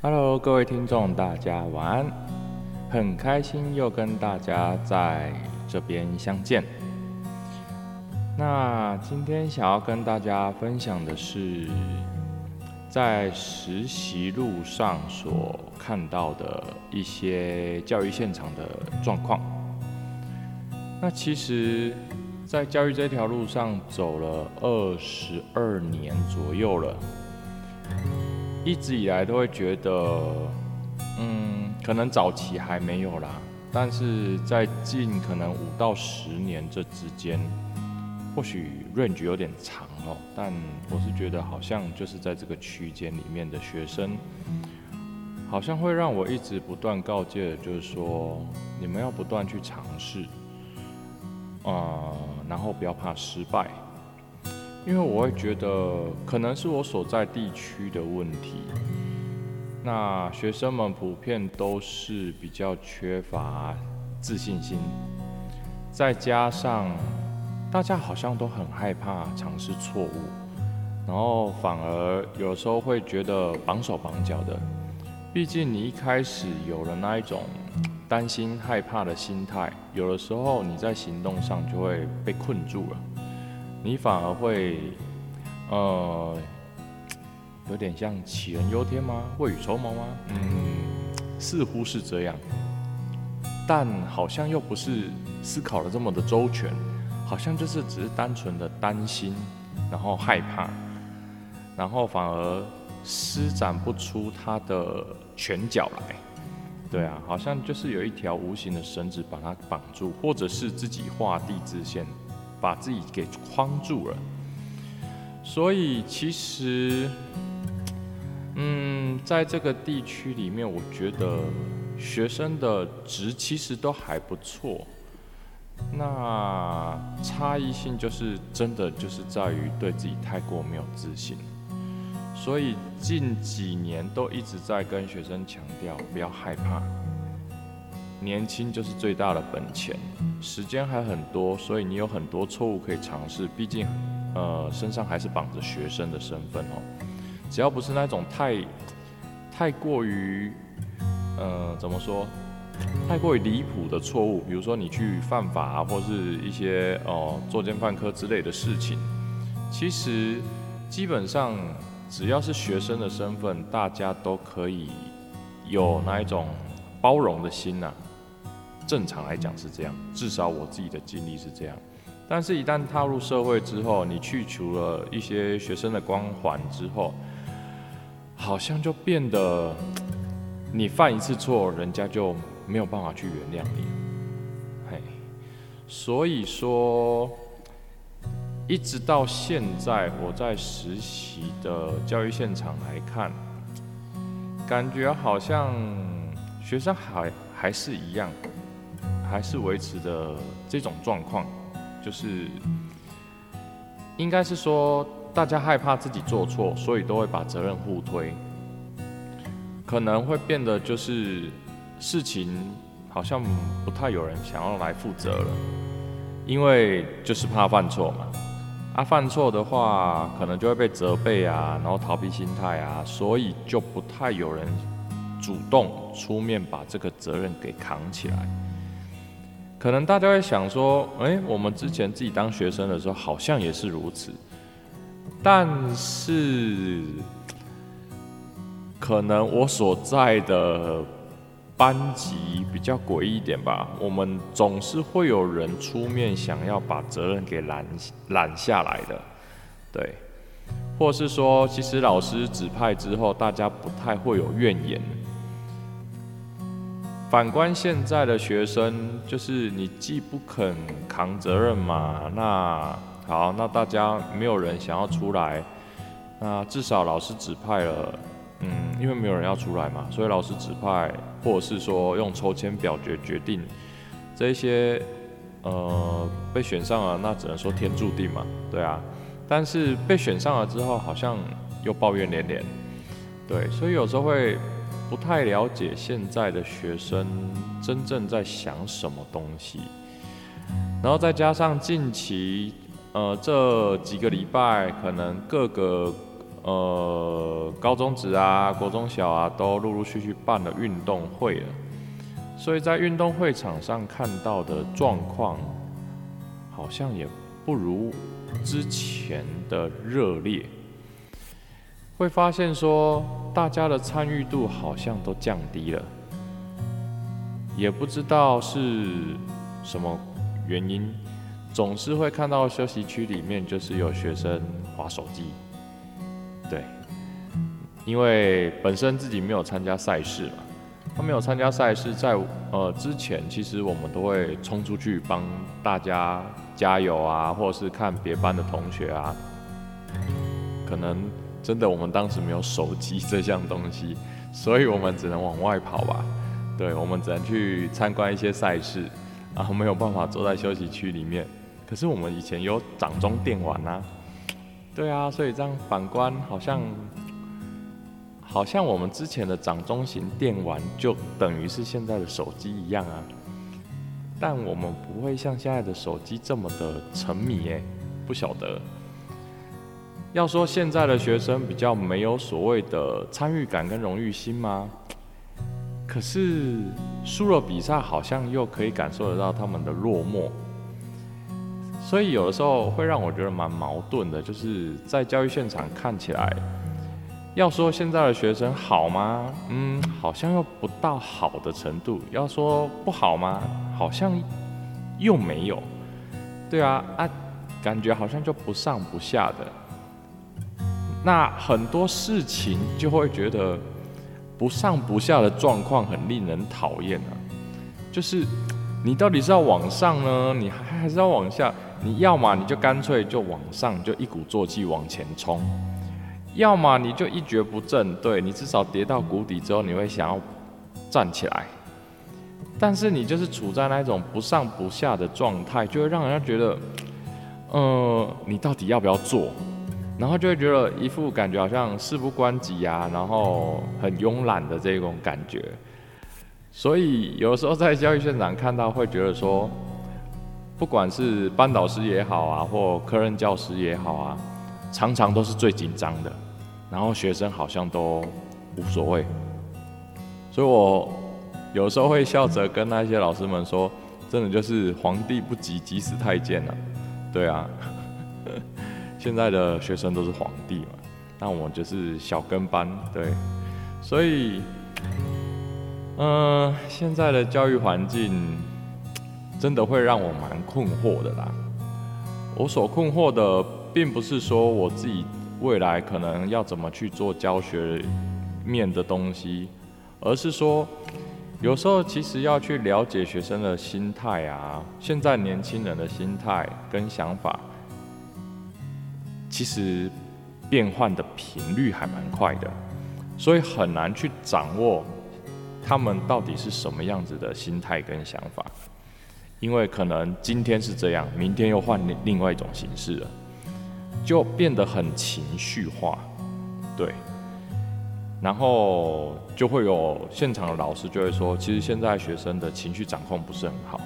Hello，各位聽眾，大家晚安。很開心又跟大家在這邊相見。那今天想要跟大家分享的是，在實習路上所看到的一些教育現場的狀況。那其實，在教育這條路上走了二十二年左右了。一直以來都會覺得，嗯，可能早期還沒有啦，但是在近可能五到十年這之間，或許 range 有點長哦，但我是覺得好像就是在這個區間裡面的學生，好像會讓我一直不斷告誡的就是說，你們要不斷去嘗試，啊、呃，然後不要怕失敗。因為我會覺得，可能是我所在地區的問題。那學生們普遍都是比較缺乏自信心，再加上大家好像都很害怕嘗試錯誤，然後反而有時候會覺得綁手綁腳的。畢竟你一開始有了那一種擔心害怕的心態，有的時候你在行動上就會被困住了。你反而會，呃，有點像杞人憂天嗎？未雨綢繆嗎？嗯，似乎是這樣，但好像又不是思考了這麼的周全，好像就是只是單純的擔心，然後害怕，然後反而施展不出他的拳腳來。對啊，好像就是有一條無形的繩子把它綁住，或者是自己畫地自限。把自己給框住了，所以其實，嗯，在這個地區裡面，我覺得學生的質其實都還不錯。那差異性就是真的就是在於對自己太過沒有自信，所以近幾年都一直在跟學生強調不要害怕。年輕就是最大的本錢，時間還很多，所以你有很多錯誤可以嘗試。畢竟，呃，身上還是綁着學生的身份哦。只要不是那種太，太過於，呃，怎麼說，太過於離譜的錯誤，比如說你去犯法啊，或是一些哦作奸犯科之類的事情。其實，基本上只要是學生的身份，大家都可以有那一種包容的心吶、啊。正常來講是這樣，至少我自己的經歷是這樣。但是，一旦踏入社會之後，你去除了一些學生的光環之後，好像就變得，你犯一次錯，人家就沒有辦法去原諒你。嘿，所以說，一直到現在我在實習的教育現場來看，感覺好像學生還還是一樣。還是維持著這種狀況，就是應該是說，大家害怕自己做錯，所以都會把責任互推，可能會變得就是事情好像不太有人想要來負責了，因為就是怕犯錯嘛。啊，犯錯的話可能就會被責備啊，然後逃避心態啊，所以就不太有人主動出面把這個責任給扛起來。可能大家會想說：“哎、欸，我們之前自己當學生的時候好像也是如此。”但是，可能我所在的班級比較詭異一點吧。我們總是會有人出面想要把責任給攬攬下來的，對，或者是說，其實老師指派之後，大家不太會有怨言。反觀現在的學生，就是你既不肯扛責任嘛，那好，那大家沒有人想要出來，那至少老師指派了，嗯，因為沒有人要出來嘛，所以老師指派，或者是說用抽籤表決決定，這一些，呃，被選上了，那只能說天注定嘛，對啊，但是被選上了之後，好像又抱怨連連，對，所以有時候會。不太了解現在的學生真正在想什麼東西，然後再加上近期，呃，這幾個禮拜可能各個呃高中職啊、國中小啊都陸陸續續辦了運動會了，所以在運動會場上看到的狀況，好像也不如之前的熱烈。會發現說，大家的參與度好像都降低了，也不知道是什麼原因，總是會看到休息區裡面就是有學生滑手機，對，因為本身自己沒有參加賽事嘛，他沒有參加賽事，在呃之前，其實我們都會衝出去幫大家加油啊，或者是看別班的同學啊，可能。真的，我們當時沒有手機這項東西，所以我們只能往外跑吧。對，我們只能去參觀一些賽事，然後沒有辦法坐在休息區裡面。可是我們以前有掌中電玩啊，對啊，所以這樣反觀，好像，好像我們之前的掌中型電玩就等於是現在的手機一樣啊。但我們不會像現在的手機這麼的沉迷欸，不曉得。要說現在的學生比較沒有所謂的參與感跟榮譽心嗎？可是輸了比賽，好像又可以感受得到他們的落寞，所以有的時候會讓我覺得蠻矛盾的。就是在教育現場看起來，要說現在的學生好嗎？嗯，好像又不到好的程度；要說不好嗎？好像又沒有。對啊，啊，感覺好像就不上不下的。那很多事情就會覺得不上不下的狀況很令人討厭啊，就是你到底是要往上呢，你還還是要往下？你要麼你就乾脆就往上，就一鼓作氣往前衝；要麼你就一蹶不振。對你至少跌到谷底之後，你會想要站起來。但是你就是處在那種不上不下的狀態，就會讓人家覺得，呃，你到底要不要做？然後就會覺得一副感覺好像事不關己啊，然後很慵懶的這種感覺。所以有時候在教育現場看到，會覺得說，不管是班導師也好啊，或科任教師也好啊，常常都是最緊張的。然後學生好像都無所謂。所以我有時候會笑着跟那些老師們說，真的就是皇帝不急，急死太監了啊。對啊。 現在的學生都是皇帝嘛，那我就是小跟班，對，所以，嗯，現在的教育環境，真的會讓我蠻困惑的啦。我所困惑的，並不是說我自己未來可能要怎麼去做教學面的東西，而是說，有時候其實要去了解學生的心態啊，現在年輕人的心態跟想法。其實變換的頻率還蠻快的，所以很難去掌握他們到底是什麼樣子的心態跟想法，因為可能今天是這樣，明天又換另外一種形式了，就變得很情緒化，對。然後就會有現場的老師就會說，其實現在學生的情緒掌控不是很好。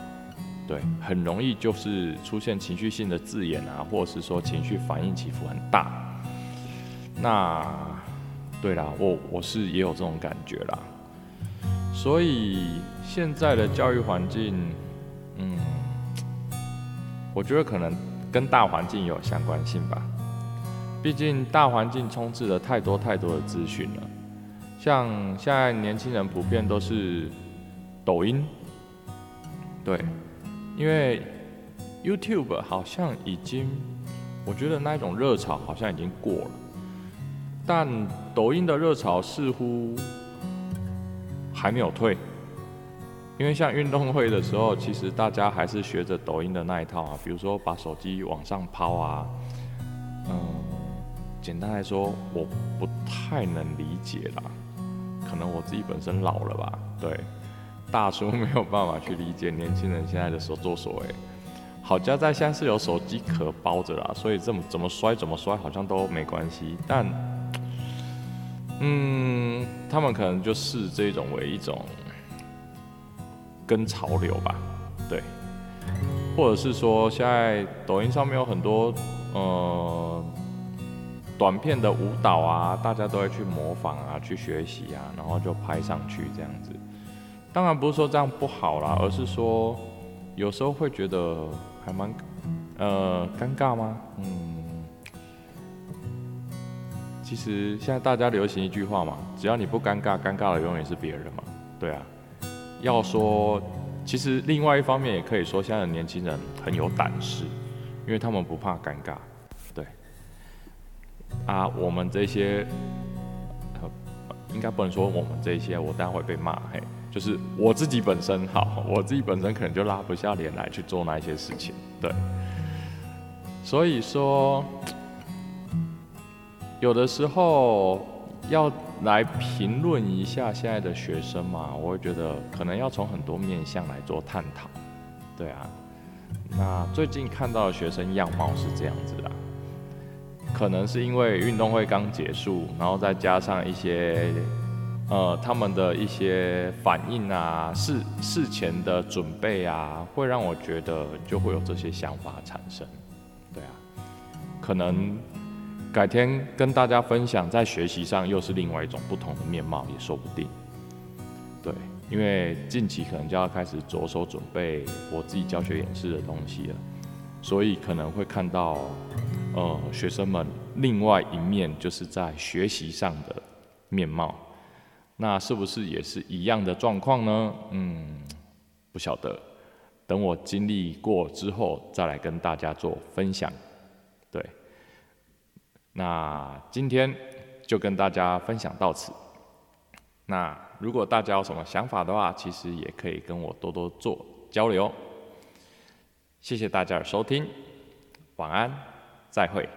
對，很容易就是出現情緒性的字眼啊，或者是說情緒反應起伏很大。那對啦，我我是也有這種感覺啦。所以現在的教育環境，嗯，我覺得可能跟大環境有相關性吧。畢竟大環境充斥了太多太多的資訊了，像現在年輕人普遍都是抖音，對。因為 YouTube 好像已經，我覺得那一種熱潮好像已經過了，但抖音的熱潮似乎還沒有退。因為像運動會的時候，其實大家還是學着抖音的那一套啊，比如說把手機往上拋啊，嗯，簡單來說，我不太能理解了，可能我自己本身老了吧，對。大叔沒有辦法去理解年輕人現在的所作所為。好家在現在是有手機殼包着啦，所以這麼怎麼怎麼摔怎麼摔好像都沒關係。但，嗯，他們可能就視這種為一種跟潮流吧，對。或者是說，現在抖音上面有很多呃短片的舞蹈啊，大家都會去模仿啊，去學習啊，然後就拍上去這樣子。當然不是說這樣不好啦，而是說有時候會覺得還蠻呃尷尬嗎？嗯，其實現在大家流行一句話嘛，只要你不尷尬，尷尬的永遠是別人嘛。對啊，要說其實另外一方面也可以說，現在的年輕人很有膽識，因為他們不怕尷尬。對，啊，我們這些、呃、應該不能說我們這些，我待會被罵嘿。就是我自己本身好，我自己本身可能就拉不下臉來去做那些事情，對。所以說，有的時候要來評論一下現在的學生嘛，我會覺得可能要從很多面向來做探討，對啊。那最近看到的學生樣貌是這樣子的啊，可能是因為運動會剛結束，然後再加上一些。呃，他們的一些反應啊，事事前的準備啊，會讓我覺得就會有這些想法產生，對啊，可能改天跟大家分享。在學習上又是另外一種不同的面貌，也說不定，對，因為近期可能就要開始着手準備我自己教學演示的東西了，所以可能會看到，呃，學生們另外一面，就是在學習上的面貌。那是不是也是一樣的狀況呢？嗯，不曉得，等我經歷過之後再來跟大家做分享。對，那今天就跟大家分享到此。那如果大家有什麼想法的話，其實也可以跟我多多做交流。謝謝大家的收聽，晚安，再會。